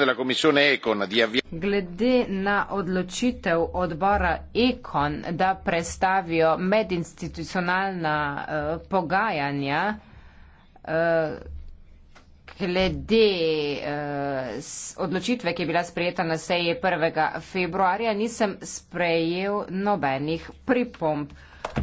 della commissione ECON di avviare. Glede na odločitev odbora ECON, da predstavijo medinstitucionalna uh, pogajanja, uh, glede uh, odločitve, ki je bila sprejeta na seji 1. februarja, nisem sprejel nobenih pripomb. Uh,